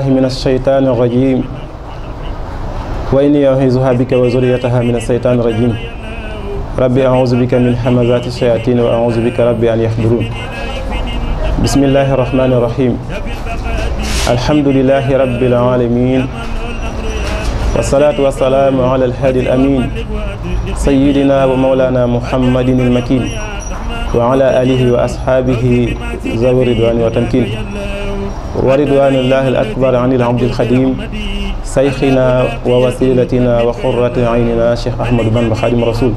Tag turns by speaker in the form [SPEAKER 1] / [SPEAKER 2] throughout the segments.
[SPEAKER 1] بالله من الشيطان الرجيم وإني أعيذها بك وزريتها من الشيطان الرجيم ربي أعوذ بك من حمزات الشياطين وأعوذ بك ربي أن يحضرون بسم الله الرحمن الرحيم الحمد لله رب العالمين والصلاة والسلام على الهادي الأمين سيدنا ومولانا محمد المكين وعلى آله وأصحابه ذوي الرضوان والتمكين ورضوان الله الأكبر عن العبد الخديم سيخنا ووسيلتنا وقرة عيننا شيخ أحمد بن خادم رسول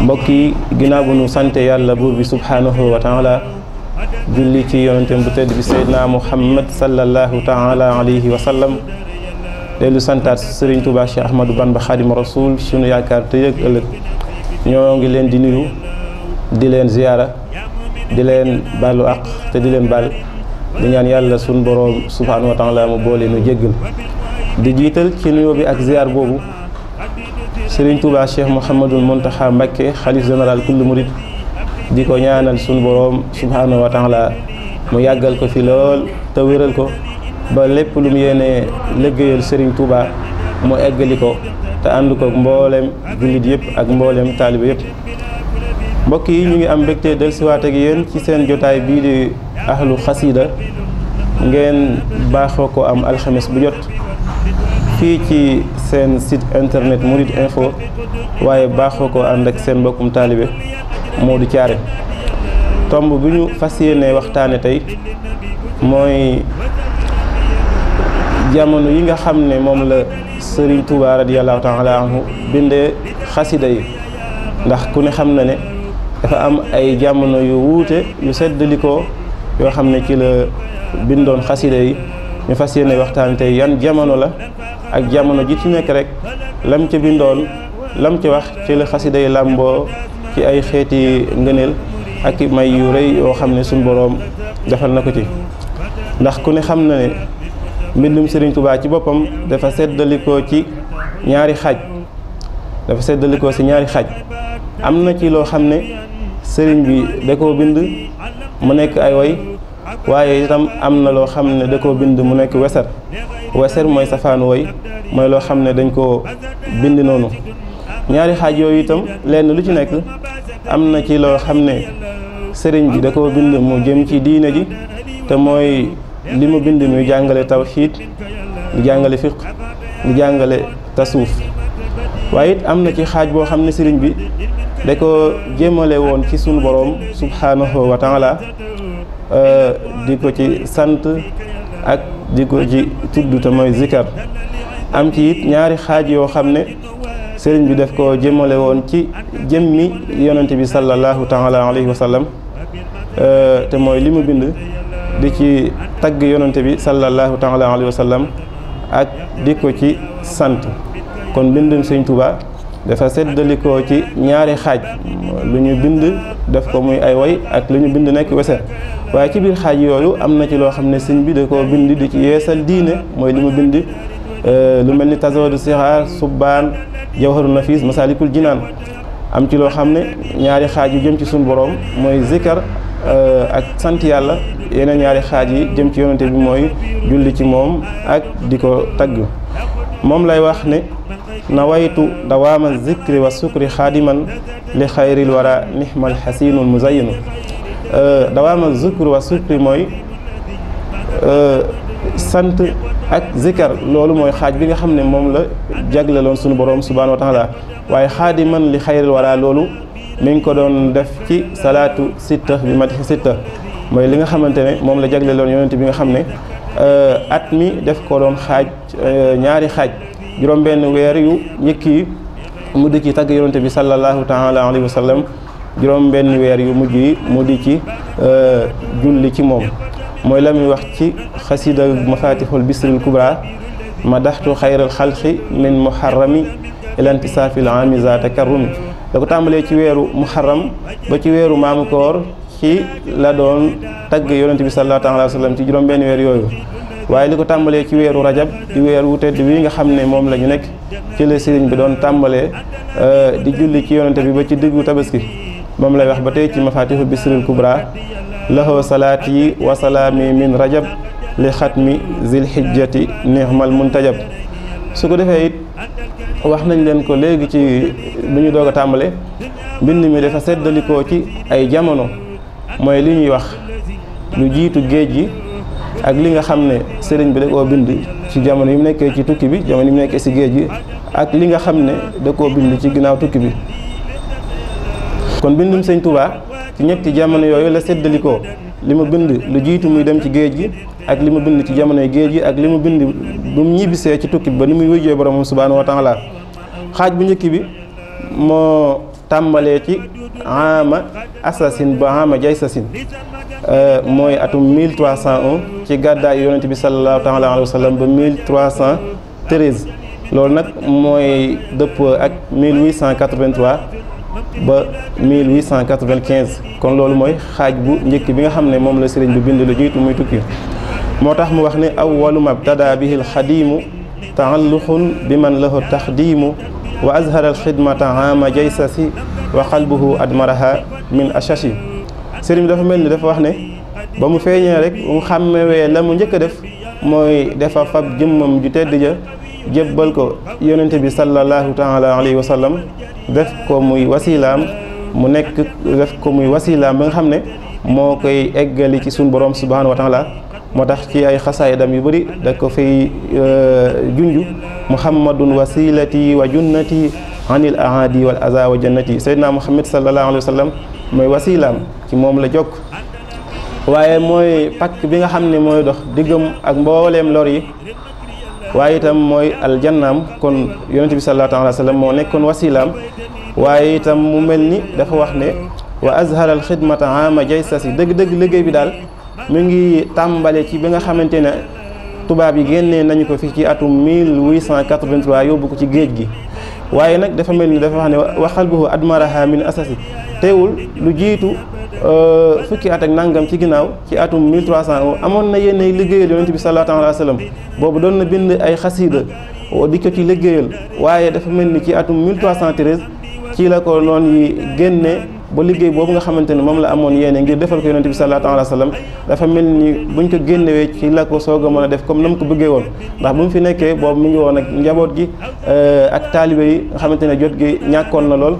[SPEAKER 1] بكي جناب نسانت يا الله سبحانه وتعالى جلي كي ينتبتد بسيدنا محمد صلى الله تعالى عليه وسلم لأن سانتا سرين توبا شيخ أحمد بن خادم رسول شنو يا كارتيك نيونغ لين دينيو دي لين زيارة دي لين بالو أق تدي لين بالو di ñaan yàlla sunu borom subhaanahu wa taala mu boole nu jéggal di jiital ci nuyoo bi ak ziar boobu sëriñ Touba Cheikh Mouhamadul Mountakha Mbacké xalif général kullu murid di ko ñaanal sunu borom subhaanahu wa taala mu yàggal ko fi lool te wéral ko ba lépp lu mu yéene liggéeyal Serigne Touba mu eggali ko te ànd ko mboolem jullit yëpp ak mboolem taaliba yëpp mbokk yi ñu ngi am mbégte dellusiwaat ak ci seen jotaay bii di. ahlu xasida ngeen baaxoo ko am alxames bu jot fii ci seen site internet Mouride info waaye baaxoo ko ànd ak seen mbokkum moo du Thiaré tomb bi ñu fas yéene waxtaane tey mooy jamono yi nga xam ne moom la sëriñ Touba radiyallahu taala anhu bindee xasida yi ndax ku ne xam na ne dafa am ay jamono yu wuute yu seddalikoo yoo xam ne ci la bindoon xasida yi ñu fas yéene waxtaante yan jamono la ak jamono ji ci nekk rek lam ca bindoon lam ci wax ci la xasida yi làmboo ci ay xeeti ngëneel ak may yu rëy yoo xam ne suñ boroom defal na ko ci ndax ku ne xam na ne mbindum Sëriñ Tuubaa ci boppam dafa seddalikoo ci ñaari xaaj dafa seddalikoo ci ñaari xaaj am na ci loo xam ne sëriñ bi da koo bind mu nekk ay woy waaye itam am na loo xam ne da ko bind mu nekk weser weser mooy safaan woy mooy loo xam ne dañ koo bind noonu ñaari xaaj yooyu itam lenn lu ci nekk am na ci loo xam ne sëriñ bi da ko bind mu jëm ci diine ji te mooy li mu bind muy jàngale tawxiid di jàngale fiq di jàngale tasuuf waaye it am na ci xaaj boo xam ne sëriñ bi da ko jéemale woon ci sunu boroom subhaanahu wa taala euh, di ko ci sant ak di ko ci tudd te mooy zikar am ci it ñaari xaaj yoo xam ne sëriñ bi def ko jéemale woon ci jëmmi yonente bi sallallahu taala alayhi wa sallam euh, te mooy li mu bind di ci tagg yonente bi sallallahu taala alayhi wa sallam ak di ko ci sant kon bindum sëñ Tuubaa dafa seddalikoo ci ñaari xaaj lu ñu bind def ko muy ay woy ak lu ñu bind nekk weset waaye ci biir xaaj yooyu am na ci loo xam ne sëñ bi da koo bind di ci yeesal diine mooy li mu bind euh, lu mel ni tazawadu sixaar subbaan jawharu nafis masalikul jinaan am ci loo xam ne ñaari xaaj yi jëm ci suñu borom mooy zikar euh, ak sant yàlla yeneen ñaari xaaj yi jëm ci yonante bi mooy julli ci moom ak di ko tagg moom lay wax ne نويت دوام الذكر والسكر خادما لخير الورى نحم الحسين المزين أه، دوام الذكر والسكر موي سنت اك ذكر لولو موي خاج بيغا خامني موم لا جاغلالون سونو بوروم سبحانه وتعالى واي خادما لخير الورى لولو مين كو دون ديف سي صلاه سته بمدح سته موي ليغا خامتاني موم لا جاغلالون يونتي بيغا خامني اتمي ديف كو دون خاج نياري خاج juróom-benn weer yu njëkk yi mu di ci tagg yonante bi sallallahu taala alayhi wa sallam juróom-benn weer yu mujj yi mu di ci julli ci moom mooy la muy wax ci xasida mafatihul bisril kubra madaxtu xayral xalqi min muharrami ilantisaafi l aami za takarrumi da ko tàmbalee ci weeru muharram ba ci weeru maamu koor ci la doon tagg yonante bi sallallahu taala alayhi wa sallam ci juróom-benn weer yooyu waaye li ko tàmbalee ci weeru rajab di weer wu tedd wi nga xam ne moom la ñu nekk ci la sëriñ bi doon tàmbalee euh, di julli ci yonante bi ba ci diggu tabaski moom lay wax ba tey ci mafatixu bisril kubra lahoo salaat yi wa salaami min rajab li xatmi zil mal mun muntajab su ko defee it wax nañ leen ko léegi ci bu ñu doog a tàmbale mbind mi dafa seddalikoo ci ay jamono mooy li ñuy wax lu jiitu géej gi ak li nga xam ne sëriñ bi da koo bind ci jamono yi mu nekkee ci tukki bi jamono yi mu nekkee si géej gi ak li nga xam ne da koo bind ci ginnaaw tukki bi kon bindum sëñ Touba ci ñetti jamono yooyu la seddalikoo li mu bind lu jiitu muy dem ci géej gi ak li mu bind ci jamonoy géej gi ak li mu bind bu mu ñibbisee ci tukki bi ba ni muy wujjee boromam subhaanahu wa taala xaaj bu njëkk bi moo tàmbalee ci ama asasin ba jay jaysasin moy atum 1301 ci gadda yonent bi sallallahu taala alayhi wa sallam ba 1313 loolu nak moy dëpp ak 1883 ba 1895 kon loolu moy xaj bu ñeek bi nga xamne mom la serigne bi bind lu jitu muy tukki motax mu wax ne awwalu mabtada bihi al taalluqun bi man lahu taxdiimu wa azhara alxidmata ama jaysasi wa qalbuhu admaraha min ashashi sëriñ bi dafa mel ni dafa wax ne ba mu feeñee rek mu xàmmewee la mu njëkk a def mooy dafa fab jëmmam ju tedd ja jébbal ko yonente bi sallallahu taala alayhi wa sallam def ko muy wasilaam mu nekk def ko muy wasilaam ba nga xam ne moo koy eggali ci suñu borom subhanahu wa taala moo tax ci ay xasaayidam yu bari da ko fay euh, junju muhammadun wasilati wa junnati anil ahadi wal aza wa jannati sayyidina muhammad sallallahu alayhi wa sallam mooy wasilaam ci moom la jokk waaye mooy pakk bi nga xam ne mooy dox diggam ak mbooleem lor yi waaye itam mooy aljannaam kon yonente bi sallallahu alayhi wa sallam moo nekkoon wasilaam waaye itam mu mel ni dafa wax ne wa azharal xidmata ma jay sasi dëgg-dëgg liggéey bi daal mu ngi tàmbali ci bi nga xamante ne tubaab yi génnee nañu ko fi ci atum 1883 yóbbu ko ci géej gi waaye nag dafa mel ni dafa wax ne waxal buhu admaraha min asasi teewul lu jiitu euh, fukki at ak nangam ci ginnaaw ci atum 1300 amoon na yéen ay liggéeyal yonent bi sallallahu alayhi wa boobu doon na bind ay xasiida di ko ci liggéeyal waaye dafa mel ni ci atum 1313 ci la ko noon yi génne ba liggéey boobu nga xamante ne moom la amoon yéene ngir defal ko yonente bi sallallahu alayhi wa sallam dafa mel ni buñ ko génnewee ci la ko soog a mën a def comme na mu ko bëggee woon ndax bu mu fi nekkee boobu mu ngi woon ak njaboot gi euh, ak taalibe yi nga xamante ne jot gi ñàkkoon na lool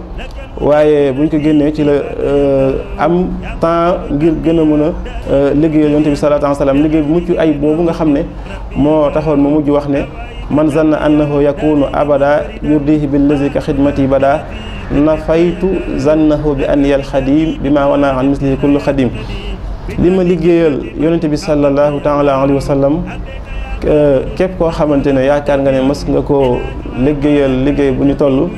[SPEAKER 1] waaye bu ñu ko génnee ci la euh, am temps ngir gën a mën a euh, liggéeyal yonente bi sallallahu alayhi wa sallam liggéey bu mucc ayib boobu nga xam ne moo taxoon mu mujj wax ne man zanna annahu yakunu abada bi billazi ka xidmati bada nafaytu zannahu bi anniyal xadim bi ma wana an mislihi kullu li ma liggéeyal yonente bi sallallahu taala alayhi wa sallam képp koo xamante ne yaakaar nga ne mas nga koo liggéeyal liggéey bu ñu toll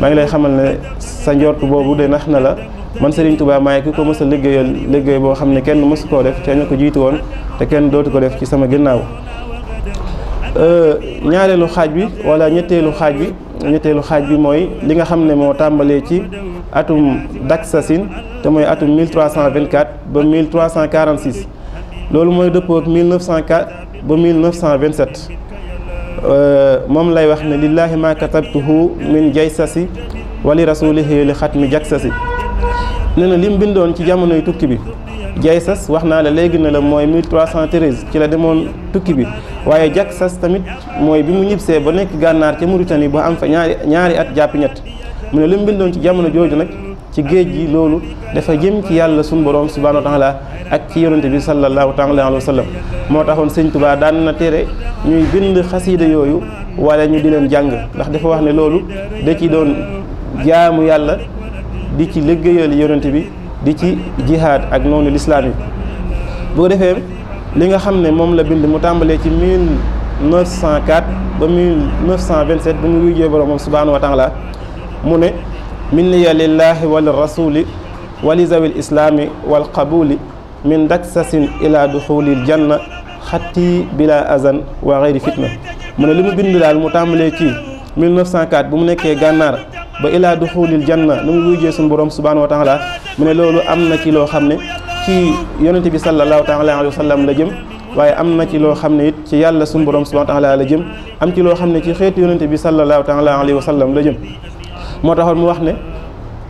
[SPEAKER 1] maa ngi lay xamal ne sa njort boobu de nax na la man Serigne Touba maay ki ko mës a liggéeyal liggéey boo xam ne kenn mësu koo def te ñu ko jiitu woon te kenn dootu ko def ci sama ginnaaw Euh, ñaareelu xaaj bi wala ñetteelu xaaj bi ñetteelu xaaj bi mooy li nga xam ne moo tàmbalee ci atum Daksasin te mooy atum 1324 ba 1346 loolu mooy dëppoo ak 1904 ba 1927 euh, moom lay wax ne lillahi ma katabtuhu min jaysasi wali rasulihi li xatmi jaksasi nee na lim bindoon ci jamonoy tukki bi jaysas wax naa la léegi ne la mooy 1313 ci la demoon tukki bi waaye jak sas tamit mooy bi mu ñibbisee ba nekk gànnaar ca Mauritanie ba am fa ñaari ñaari at jàpp ñett mu ne li mu ci jamono jooju nag ci géej gi loolu dafa jëm ci yàlla sunu borom subhanahu wa taala ak ci yonante bi sallallahu taala alayhi wa sallam moo taxoon sëñ daan na tere ñuy bind xasiida yooyu wala ñu di leen jàng ndax dafa wax ne loolu da ci doon jaamu yàlla di ci liggéeyal yorant bi di ci jihaad ak noonu lislaam yi bu ko defee li nga xam ne moom la bind mu tàmbalee ci 1904 ba 1927 ba mu wujjee borom moom subhaanahu wa taala mu ne min liya lillahi wal lirasuli wal li zawil islaami wal qabuli min daksasin ila duxulil janna xatti bila azan wa xeyri fitna mu ne li mu bind daal mu tàmbalee ci 1904 bu mu nekkee gànnaar ba ilaa duxulil janna lu mu wujjee sun borom subhanahu wa taala mu ne loolu am ci lo xamne ci yonente bi sallallahu taala alayhi wa sallam la jëm waaye am na ci loo xam ne it ci yàlla suñu borom subhanahu taala la jëm am ci loo xam ne ci xeetu yonente bi sallallahu taala alayhi wa sallam la jëm moo taxoon mu wax ne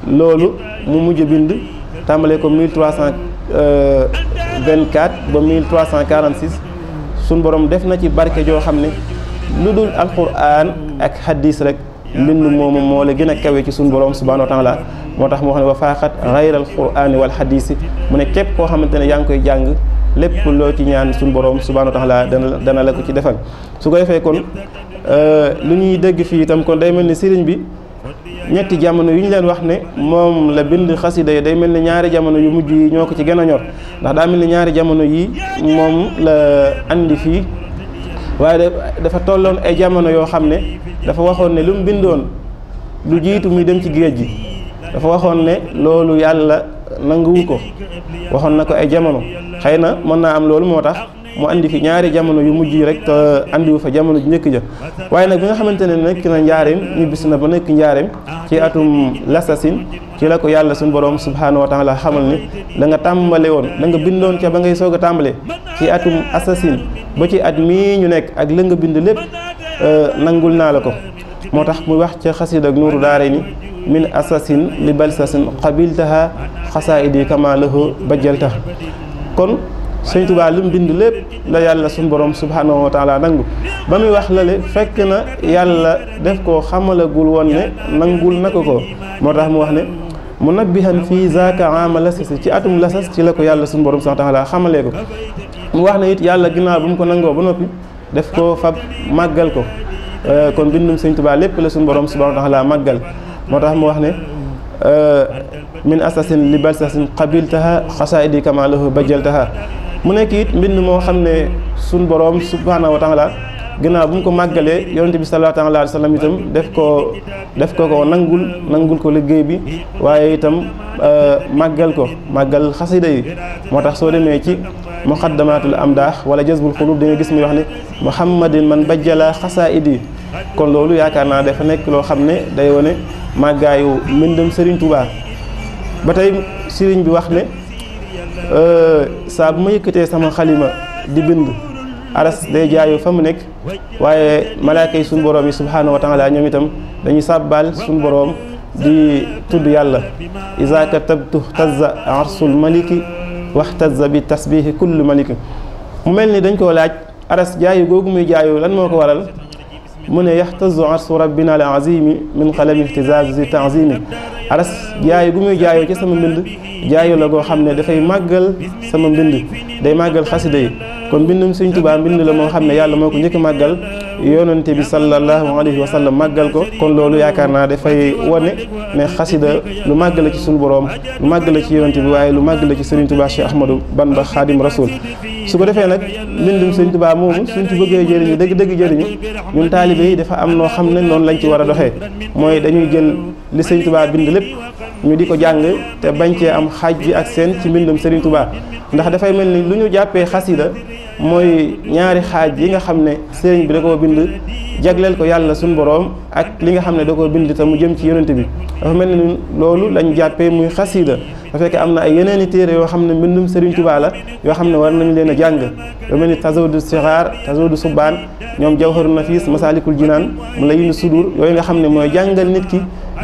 [SPEAKER 1] loolu mu mujj bind tàmbale ko 1324 euh, ba 1346 suñu borom def na ci barke joo xam ne lu dul alquran ak hadis rek mbind moomu moo la gën a kawe ci suñu borom subhanahu wa laa moo tax moo xam ne wa faaxat xayral quraani wal xadiisi mu ne képp koo xamante ne yaa ngi koy jàng lépp loo ci ñaan suñu borom subhanahu tax laa dana dana la ko ci defal su ko defee kon euh, lu ñuy dégg fii itam kon day mel ni sëriñ bi ñetti jamono yi ñu leen wax ne moom la bind xasida yi day mel ni ñaari jamono yu mujj yi ñoo ko ci gën a ñor ndax daa mel ni ñaari jamono yi moom la andi fii waaye dafa tolloon ay jamono yoo xam ne dafa waxoon ne lu mu bindoon lu jiitu muy dem ci géej gi dafa waxoon ne loolu yàlla nanguwu ko waxoon na ko ay jamono xëy na mën naa am loolu moo tax mu indi fi ñaari jamono yu mujj yi rek te andiwu fa jamono ju njëkk ja waaye nag bi nga xamante ne nekk na njaareem ñibbisi na ba nekk njaareem ci atum lasasin ci la ko yàlla suñu borom subhaanahu wa taala xamal ni la nga tàmbale woon la nga bindoon ca ba ngay soog a ci atum assasine ba ci at mii ñu nekk ak la bind lépp euh, nangul naa la ko moo tax mu wax ca xasida ak nuuru daare ni min assasine li balsasin qabiltaha xasaidi kama lahu bajjalta li mu bind lépp la yàlla suñu borom subhaanahu wa nangu ba muy fekk na yàlla def ko xamalagul woon ne nangul na ko ko moo tax mu wax ne mu xam fii zaaka ama lasas ci atumu lasas ci la ko yàlla suñu borom sax taala xamalee ko mu wax ne it yàlla ginnaaw bu mu ko nangoo ba noppi def koo fab màggal ko euh, kon bindum sëñ Tuubaa lépp la suñ borom subhaanahu wa taala màggal moo tax mu wax ne euh, min asasin li balsasin qabiltaha xasaidi kama lahu bajaltaha mu nekk it mbind moo xam ne suñu borom subhaanahu wa taala gannaaw bu mu ko màggalee yonente bi sallallahu alayhi wa sallam itam def ko def ko ko nangul nangul ko liggéey bi waaye itam euh, màggal ko màggal xasida yi moo tax soo demee ci muqaddamatul amdaax wala jazbul xulub di nga gis muy wax ne muhammadin man bajjala xasaidi kon loolu yaakaar naa dafa nekk loo xam ne day wane màggaayu mbindam Serigne Touba ba tey Serigne bi wax ne euh, saa bu ma yëkkatee sama xalima di bind aras day jaayu fa mu nekk waaye malaaka yi suñu boroom yi subhaanahu wa taala ñoom itam dañuy sàbbaal suñu boroom di tudd yàlla isaaka tabtu tazza arsul maliki wax tazza bi tasbihi kullu maliki mu mel ni dañ koo laaj aras jaayu googu muy jaayu lan moo ko waral mu ne yaxtazu arsu rabbina al azimi min qalami ihtizaz zi tanzimi aras jaayu gu muy jaayoo ci sama mbind jaayu la goo xam ne dafay màggal sama mbind day màggal xasida yi kon mbindum sëñ Tuubaa mbind la moo xam ne yàlla moo ko njëkk màggal yonante bi sallallahu alayhi wa sallam màggal ko kon loolu yaakaar naa dafay wane ne xasida lu màgg la ci suñu boroom lu màgg la ci yonante bi waaye lu màgg la ci sëriñ Tuubaa Cheikh Ahmadou Bamba Xaadim Rasul su ko defee nag mbindum sëriñ Tuubaa moomu suñ ci bëggee jëriñu dëgg dëgg jëriñu ñun taalibe yi dafa am noo xam ne noonu lañ ci war a doxee mooy dañuy jël li sëñ Touba bind lépp ñu di ko jàng te bañ cee am xaaj bi ak seen ci mbindum Serigne Touba ndax dafay mel ni lu ñu jàppee xasida mooy ñaari xaaj yi nga xam ne sëriñ bi da koo bind jagleel ko yàlla suñu boroom ak li nga xam ne da koo bind te mu jëm ci yonent bi dafa mel ni loolu lañu jàppee muy xasida su fekkee am na ay yeneen i téere yoo xam ne mbindum Serigne Touba la yoo xam ne war nañu leen a jàng lu mel ni Tazawudu Sixaar Tazawudu Subaan ñoom na Nafis Masaalikul Jinaan Mulayyinu Sudur yooyu nga xam ne mooy jàngal nit ki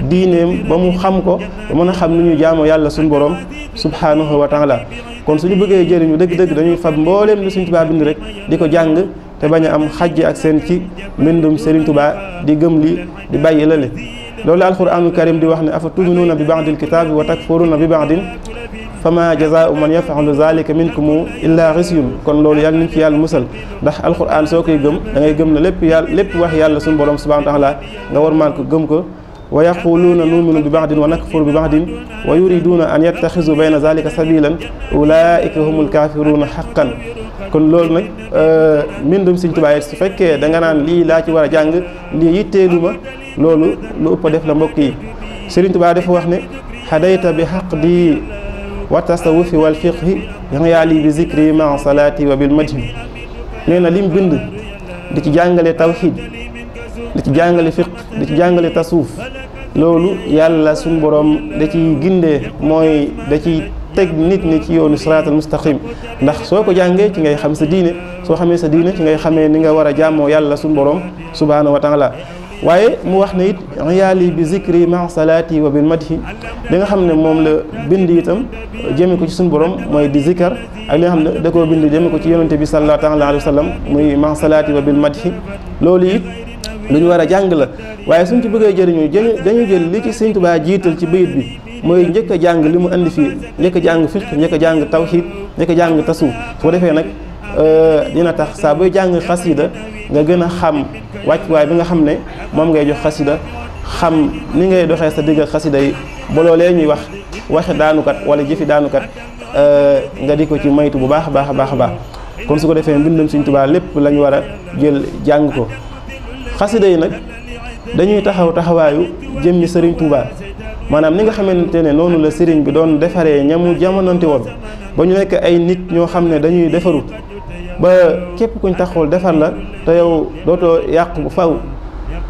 [SPEAKER 1] diineem ba mu xam ko ba mën a xam ni ñuy jaamoo yàlla suñu borom subhaanahu wa taala kon ñu bëggee jëriñu dëgg-dëgg dañuy fab mbooleem li Serigne Touba bind rek di ko jàng te bañ a am xaj ak seen ci mbindum Serigne Touba di gëm li di bàyyi lale لولا القران الكريم دي واخني اف تؤمنون ببعض الكتاب وتكفرون ببعض فما جزاء من يفعل ذلك منكم الا غسيا كون لول يال نك يال مسل دا القران سوكي گم دا ناي گم لپ يال لپ واخ يال سون بوروم سبحانه وتعالى دا ور مان كو گم كو ويقولون نؤمن ببعض ونكفر ببعض ويريدون ان يتخذوا بين ذلك سبيلا اولئك هم الكافرون حقا كون لول نك آه، من دوم سيغ توباي سو فكه دا نان لي لا سي ورا جانغ لي يتهلوما loolu lu ëpp def la mbokk yi Sëriñ Tuubaa dafa wax ne xadayta bi xaq di wa tasawufi wal fiqhi yaali bi zikri ma salaati wa bil madhi nee na lim bind di ci jàngale tawxid di ci jàngale fiq di ci jàngale tasuuf loolu yàlla suñ borom da ciy gindee mooy da ci teg nit ñi ci yoonu siraatal mustaqim ndax soo ko jàngee ci ngay xam sa diine soo xamee sa diine ci ngay xamee ni nga war a jàmmoo yàlla suñ boroom subhaanahu wa taala waye mu wax ne it riyaali bi zikri ma salati wa bil madhi li nga xamne mom la bind itam jemi ko ci sun borom moy di zikar ak li nga xamne ne da koo bind jemi ko ci yonante bi sallallahu alaihi wasallam wa muy ma salati wa bil madhi loli it lu ñu war jàng la waye suñ ci bëggee jëriñu dañu jël li ci seigne touba jiital ci bayit bi moy njëkk jàng limu andi fi njëkk jàng fiq njëkk jàng tawhid njëkk jàng tasawuf su defé nak nag dina tax sa booy jàng xasida nga gën a xam wàccuwaay bi nga xam ne moom ngay jox xasida xam ni ngay doxee sa digg xasida yi ba loolee ñuy wax waxe daanukat wala jëfi daanukat euh, nga di ko ci maytu bu baax a baax a baax a baax kon su ko defee mbindum Sëriñ Tuubaa lépp lañu ñu war a jël jàng ko xasida yi nag dañuy taxaw taxawaayu jëmmi Sëriñ Tuubaa maanaam ni nga xamante ne noonu la sëriñ bi doon defaree ñamu jamonante woon ba ñu nekk ay nit ñoo xam ne dañuy defaru ba képp kuñ taxawal defar la te yow dootoo yàq bu faw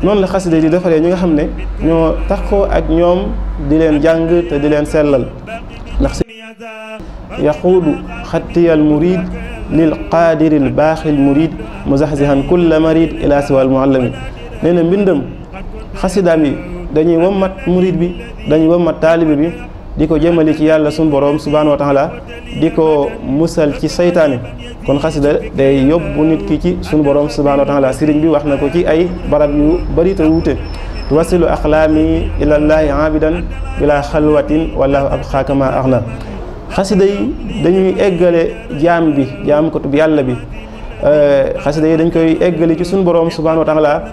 [SPEAKER 1] noonu la xasida di defaree ñi nga xam ne ñoo taxoo ak ñoom di leen jàng te di leen sellal ndax yaquudu xattiyal murid lil qaadiril baaxil murid muzaxzihan kulla marid ila siwal muallami nee na mbindam xasidaam yi dañuy wammat murid bi dañuy wammat taalibe bi di ko jëmale ci yàlla sunu borom subhaanahu wa taala di ko musal ci saytaane kon xasida day yóbbu nit ki ci sunu borom subhaanahu wa taala sëriñ bi wax na ko ci ay barab yu bari te wuute tuwasilu axlaami ilallaahi abidan bila xalwatin wallaahu ab xaakama axna xasida yi dañuy eggale jaam bi jaam ko tub yàlla bi euh, xasida yi dañ koy eggale ci sunu borom subhaanahu wa taala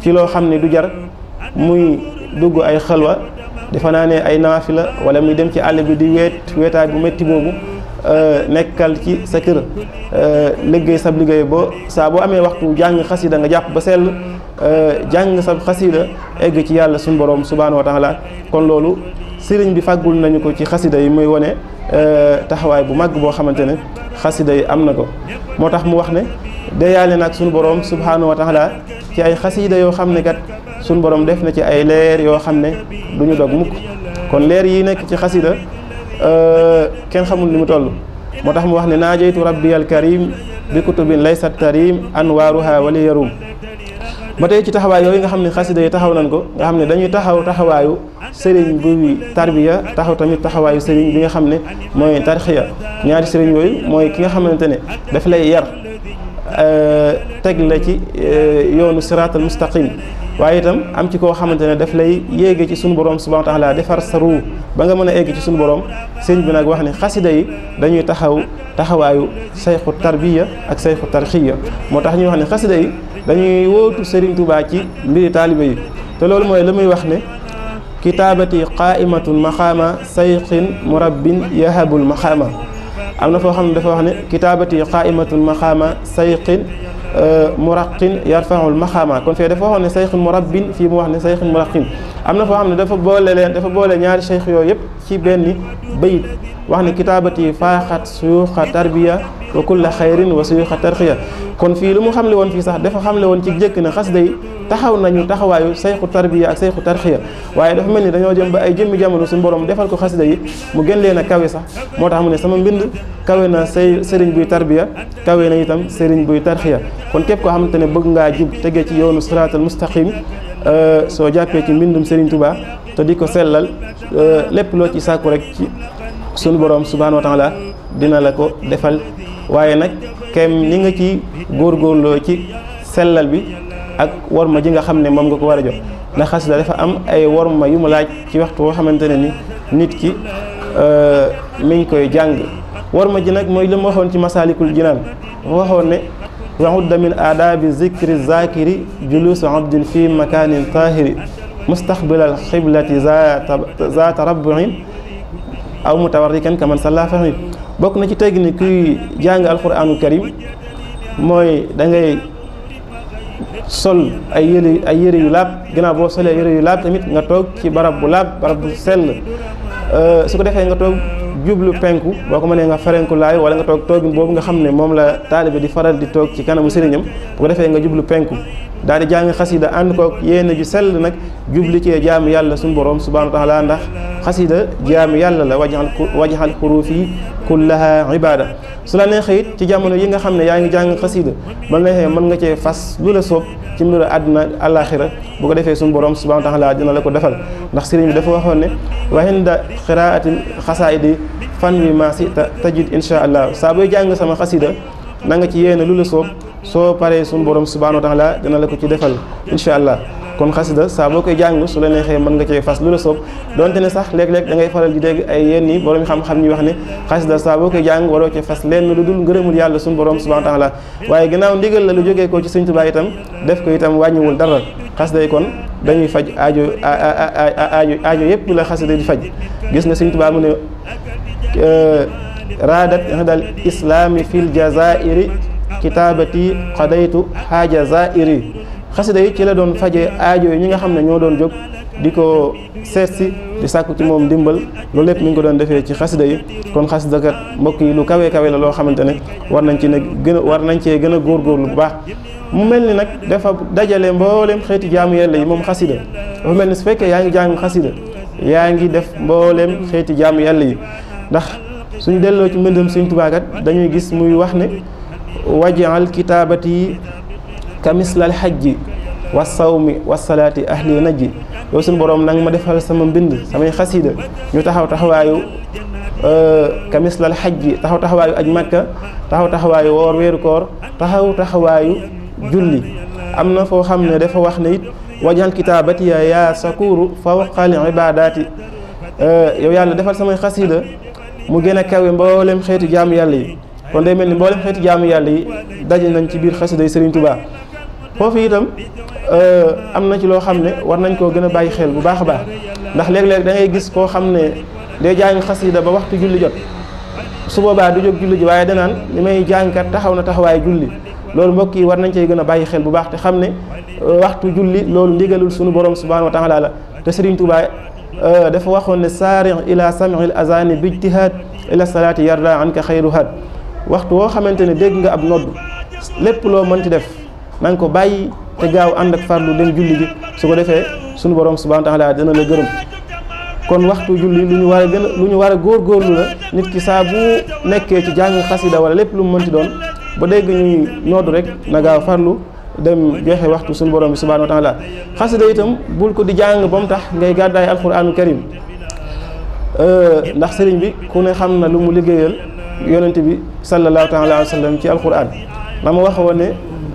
[SPEAKER 1] ci loo xam ne du jar muy dugg ay xalwa defe naa ne ay naafi la wala muy dem ci àll bi di weet weetaay bu métti boobu euh, nekkal ci sa kër euh, liggéey sab liggéey ba saa boo amee waxtu jàng xasida nga jàpp ba sell euh, jàng sab xasida egg ci yàlla suñu borom subhaanahu wa taala kon loolu sëriñ bi fàggul nañu ko ci xasida yi muy wane taxawaay bu màgg boo xamante ne xasida yi am na ko moo tax mu wax ne deyaale nag suñu borom subhaanahu wa taala ci ay xasida yoo xam ne kat suñ borom def na ci ay leer yoo xam ne du ñu dog mukk kon leer yi nekk ci xasida euh, kenn xamul ni mu toll moo tax mu wax ne naajeytu rabbi al karim bi kutubin laysat tarim anwaaruha wali yarum ba tey ci taxawaay yooyu nga xam ne xasida yi taxaw nañ ko nga xam ne dañuy taxaw taxawaayu sëriñ buy tarbiya taxaw tamit taxawaayu sëriñ bi nga xam ne mooy tarxiya ñaari sëriñ yooyu mooy ki nga xamante ne daf lay yar euh, teg la ci euh, yoonu siraatal mustaqim waye tam am ci ko xamantene daf lay yegge ci sunu borom subhanahu wa taala defar saru ba nga meuna egge ci sunu borom sëñ bi nak wax ni khasida yi dañuy taxaw taxawayu shaykhu tarbiya ak shaykhu tarxiya motax ñu wax ni khasida yi dañuy wóotu Serigne Touba ci mbiri talibe yi te loolu moy lamuy wax ne kitabati qaimatun maqama shaykhin murabbin yahabul maqama amna fo xamne dafa wax ne kitabati qaimatun maxaama sayqin muraqqin yarfa'u al maxaama kon fee dafa waxoon ne sayqin murabbin fi mu wax ne sayqin muraqqin amna fo xamne dafa bolé len dafa bolé ñaari sayx yoy yep ci benn bayit wax ne kitaabati faaxat suyuuxa tarbiya wa kullu xayrin wa suyuuxa tarxiya kon fi lu mu xamle won fi sax dafa xamle won ci jëkk na xas day taxaw nañu taxawaayu sayxu tarbiya ak sayxu tarxiya waaye dafa mel ni dañoo jëm ba ay jëmmi jamono suñu boroom defal ko xasida yi mu gën leen a kawe sax moo tax mu ne sama mbind kawe na say sëriñ buy tarbiya kawe na itam sëriñ buy tarxiya kon képp koo xamante ne bëgg ngaa jub tege ci yoonu siraatal mustaqim euh, soo jàppee ci mbindum Serigne Touba te di ko sellal euh, lépp loo ci sàkku rek ci sunu borom subhaanahu wa taala dina la ko defal waaye nag kem ni nga ci góorgóorloo ci sellal bi ak ma ji nga xam ne moom nga ko war a jox ndax xasida dafa am ay ma yu mu laaj ci waxtu woo xamante ne ni nit ki euh, mi ngi koy jàng ma ji nag mooy li ma waxoon ci masaalikul jinaan waxoon ne wa'udda min aadaabi zikri zakiri julusu abdin fi makanin tahiri mustaqbilal xiblati zaata rabbuin aw mutawarrikan kaman salla fahmi bokk na ci tegg ni kuy jàng alquraanul karim mooy dangay sol ay yëre ay yëre yu laab ginnaaw boo solee yére yu laab tamit nga toog ci barab bu laab barab bu sell euh, su ko defee nga toog jublu penku boo ko mënee nga farenku laay wala nga toog toogin boobu nga xam ne moom la taalibe di faral di toog ci kanamu sëriñam bu ko defee nga jublu penku daal di jàng xasida ànd koog yéen ju sell nag jubli cee jaamu yàlla suñu borom subhaanahu wa laa ndax قصيدة جام يالله لا وجه الحروف كلها عبادة سلنا خير تجامل ينعا خمنا يان جان قصيدة من هي من غير فاس لولا سوب كم لولا أدنى الآخرة بقدر في سون برام سبحان تعالى أدنى لك دفع نخسر من دفع هون وهند قراءة قصائد فن ما تجد إن شاء الله سابع جان سما قصيدة نعا كي ين لولا سوب سو بارس سون برام سبحان تعالى أدنى لك دفع إن شاء الله kon xasida saa boo koy jàng su la neexee mën nga cee fas lu la soob donte ne sax léeg-léeg da ngay faral di dégg ay yenn yi xam-xam ñuy wax ne xasida saa boo koy jàng waroo ci fas lenn lu dul ngërëmul yàlla suñu borom subhanahu wa taala waaye ginnaaw ndigal la lu jógee ko ci Sëñ Tuubaa itam def ko itam wàññiwul dara xasida yi kon dañuy faj aajo aajo aajo yëpp la xasida di faj gis nga Sëñ Tuubaa mu ne euh, raadat dal islaami fil jazairi kitaabati qadaytu xaaja zairi xasida yi ci la doon faje aajo yi ñi nga xam ne ñoo doon jóg di ko seet si di sàkku ci moom dimbal loolu lépp mi ngi ko doon defee ci xasida yi kon xasida kat mbokk yi lu kawee kawe la loo xamante ne war nañ ci ne gën a war nañ cee gën a góor góorgóorlu bu baax mu mel ni nag dafa dajale mbooleem xeeti jaamu yàlla yi moom xasida dafa mel ni su fekkee yaa ngi jàng xasida yaa ngi def mbooleem xeeti jaamu yàlla yi ndax suñu delloo ci mbindam Sëñ Tuubaa kat dañuy gis muy wax ne wajal kitaabati kamislal xajji wa sawmi wa salaati ahli najji yow suñu borom nang ma defal sama mbind samay xasiida ñu taxaw taxawaayu xaj euh, ji taxaw taxawaayu aj màkka taxaw taxawaayu woor weeru koor taxaw taxawaayu julli am na foo xam ne dafa wax ne it wajal kitaabatiya yaa sakuru fawqal ibadaati euh, yow yàlla defal samay xasiida mu gën a kawe mboolem xeeti jaamu yàlla yi kon day mel ni mboolem xeeti jaamu yàlla yi daje nañ ci biir xasida yi Sëriñ foofu itam euh, am na ci loo xam ne war nañ koo gën a bàyyi xel bu baax a baax ndax léeg-léeg da gis koo xam ne day jàng xasida ba waxtu julli jot su boobaa du jóg julli ji waaye danaan li may jàngkat taxaw na taxawaay julli loolu mbokk yi war nañ cey gën a bàyyi xel bu baax te xam ne euh, waxtu julli loolu ndigalul sunu borom subhanahu wa taala la te Serigne Touba euh, dafa waxoon ne saari ila samil azani bijtihaad ila salaati yarda an ka xayruhaad waxtu woo xamante ne dégg nga ab nodd lépp loo mënti def nanga ko bàyyi te gaaw ànd ak farlu dem julli ji su ko defee suñu borom subhanahu wa taala dana la gërëm kon waxtu julli lu ñu waree a gën lu ñu war a góorgóorlu la nit ki saabu nekkee ci jàng xasida wala lépp lu mu mënti doon ba dégg ñuy noodu rek na gaaw farlu dem joxe waxtu suñu borom bi subhanahu wa taala xasida itam bul ko di jàng ba mu tax ngay gàddaay alquranul karim euh, ndax sëriñ bi ku ne xam na lu mu liggéeyal yonent bi sallallahu taala alayhi wa sallam ci alquran la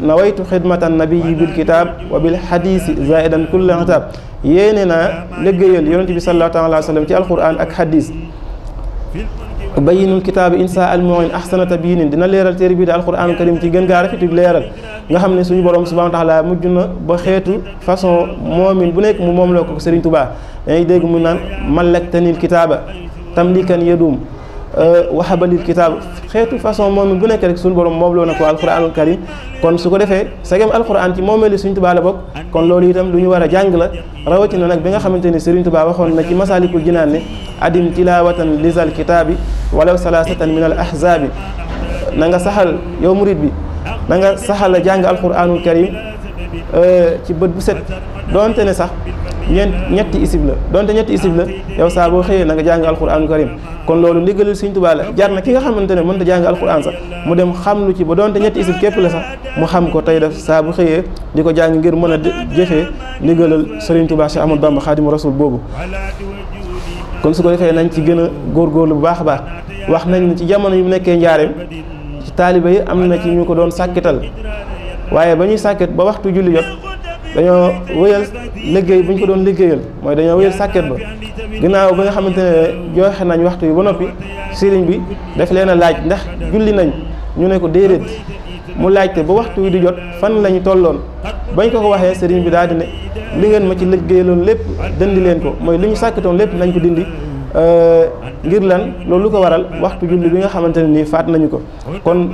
[SPEAKER 1] nawaytu xidmata nabii bil kitaab wa bil xadiisi zaidan kulla xitaab yéene naa liggéeyal yonent bi sallallahu taala wa sallam ci alquran ak xadis bayinul kitaabi insa al muin ahsana tabinin dina leeral téere bi di alquran karim ci gën gaa rafetu leeral nga xam ne suñu borom subhanahu wa taala mujj na ba xeetu façon moomin bu nekk mu moom loo ko Serigne Touba dañuy dégg mu naan malaktanil kitaaba tamlikan yadum waxabalil kitaab xeetu façon moom bu nekk rek suñu borom moom loo na ko alquranul karim kon su ko defee sagam alquran ci moomee li suñ tubaa la bokk kon loolu itam lu ñu war a jàng la rawatina nag bi nga xamante ni sëriñ tubaa waxoon na ci masaalikul jinaan ne adim tilawatan lisal kitaabi walaw salaasatan min al ahzaabi na nga saxal yow murit bi na nga saxal jàng alquranul karim Euh, ci bët bu set doonte ne sax ñeent ñetti isib la donte ñetti isib la yow saa boo xëyee nanga nga jàng alxuraanu karim kon loolu ndigalul Sëriñ Tuubaa la jar na ki nga xamante ne mënta jàng alxuraan sax mu dem xam lu ci ba donte ñetti isib képp la sax mu xam ko tey def saa bu xëyee di ko jàng ngir mën a jëfee ndigalal Sëriñ Tuubaa Cheikh Ahmadou Bamba Xaadimu Rasuul boobu kon su ko defee nañ ci gën a góorgóorlu bu baax a baax wax nañ ci jamono yu nekkee njaareem ci taaliba yi am na ci ñu ko doon sàkkital waaye ba ñuy sàkket ba waxtu julli jot dañoo wëyal liggéey bu ñu ko doon liggéeyal mooy dañoo wëyal sàkket ba ginnaaw ba nga xamante ne joxe nañu waxtu yi ba noppi sëriñ bi daf leen a laaj ndax julli nañ ñu ne ko déedéet mu laajte ba waxtu wi di jot fan lañu tolloon bañ ko ko waxee sëriñ bi daal di ne li ngeen ma ci liggéeyaloon lépp dindi leen ko mooy li ñu sàkketoon lépp nañ ko dindi ngir lan loolu ko waral waxtu julli bi nga xamante ne nii faat nañu ko kon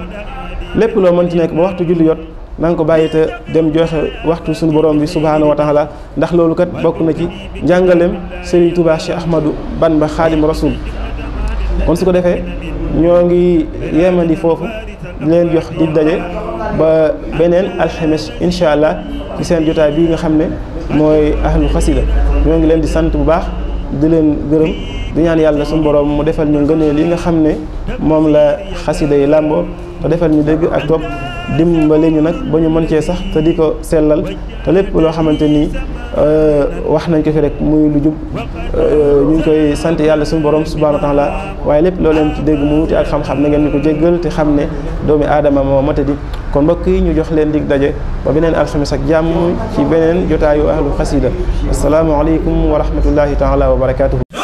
[SPEAKER 1] lépp loo mën ci nekk ba waxtu julli jot na ko baye te dem joxe waxtu suñu borom bi subhanahu wa taala ndax loolu kat bokku na ci jangalem Serigne Touba Cheikh Ahmadou Bamba Xaadim Rasul kon su ko defé ñogi yemandi fofu di leen jox di daje ba benen alhamis inshallah ci sen jotaay bi nga xamné moy ahlul khasida ñogi ñoo leen di sant bu baax di leen gërëm di ñaan yàlla suñu borom mu defal ñu ngeene li nga xamné mom la khasida yi lambo te defal ñu dégg ak topp dimbale ñu nag ba ñu mën cee sax te di ko sellal te lépp loo xamante ni wax nañ ko fi rek muy lu jub ñu ngi koy sant yàlla suñu borom subhaanahu wa taala waaye lépp loo leen ci dégg mu wuti ak xam-xam na ngeen ñu ko jéggal te xam ne doomi aadama moo matadi kon mbokk yi ñu jox leen dig daje ba beneen alxames ak jàmm ci beneen jotaayu ahlu xasida asalaamaaleykum wa rahmatullahi taala wa barakaatuhu